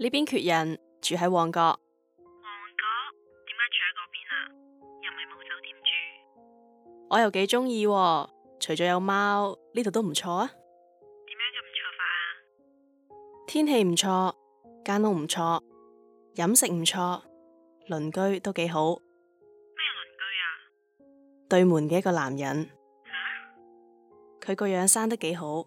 呢邊缺人，住喺旺角。旺角？點解住喺嗰邊啊？又唔係冇酒店住。我又幾鍾意，除咗有貓，呢度都唔錯啊。點樣就唔錯法啊？天氣唔錯，間屋唔錯，飲食唔錯，鄰居都幾好。咩鄰居啊？對門嘅一個男人。吓、啊？佢個樣生得幾好。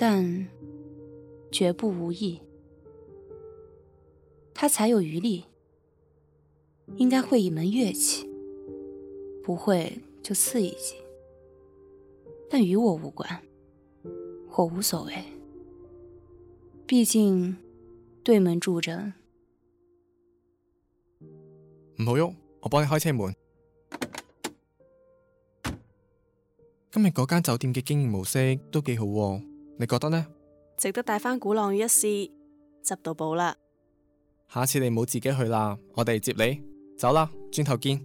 但絕不無意，他才有餘力。應該會一門樂器，不會就刺一級。但與我無關，我無所謂。畢竟對門住着。唔好喐，我幫你開車門。今日嗰間酒店嘅經營模式都幾好喎。你覺得呢？值得帶返鼓浪嶼一試，執到寶啦！下次你唔好自己去啦，我哋接你走啦，轉頭見！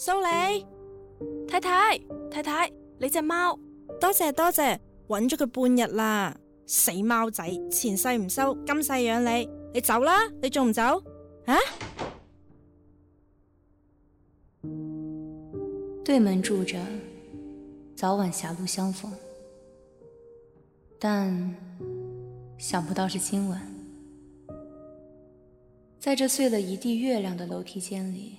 蘇里、嗯，太太太太，你隻貓。多謝多謝，揾咗佢半日啦，死貓仔，前世唔修，今世養你，你走啦，你仲唔走？啊？對門住着，早晚狹路相逢，但想不到是今晚，在這碎了一地月亮的樓梯間裏。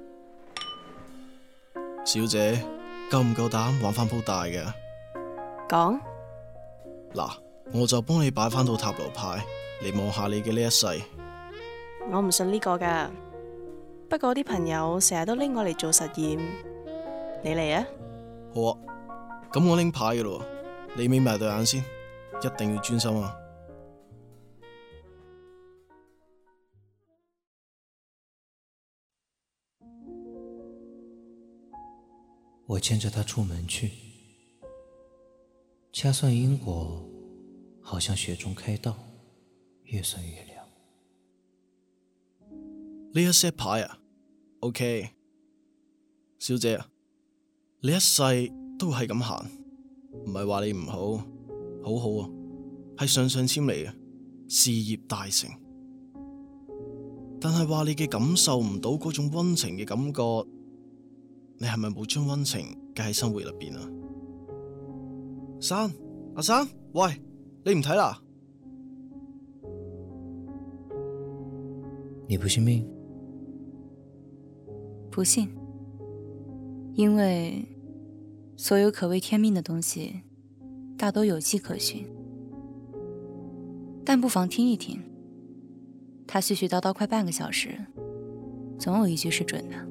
小姐，夠唔夠膽玩翻鋪大嘅？講嗱，我就幫你擺翻套塔羅牌，嚟望下你嘅呢一世。我唔信呢個噶，不過啲朋友成日都拎我嚟做實驗，你嚟啊！好啊，咁我拎牌噶咯，你眯埋對眼先，一定要專心啊！我牽着他出門去，掐算因果，好像雪中開道，越算越亮。呢一啲牌啊，OK，小姐啊，你一世都係咁行，唔係話你唔好，好好啊，係上上籤嚟嘅，事業大成。但係話你嘅感受唔到嗰種溫情嘅感覺。你係咪冇將溫情加喺生活入邊啊？三，阿三，喂，你唔睇啦？你不信命？不信，因為所有可謂天命的東西，大都有迹可循。但不妨聽一聽，他絮絮叨叨快半個小時，總有一句是準的。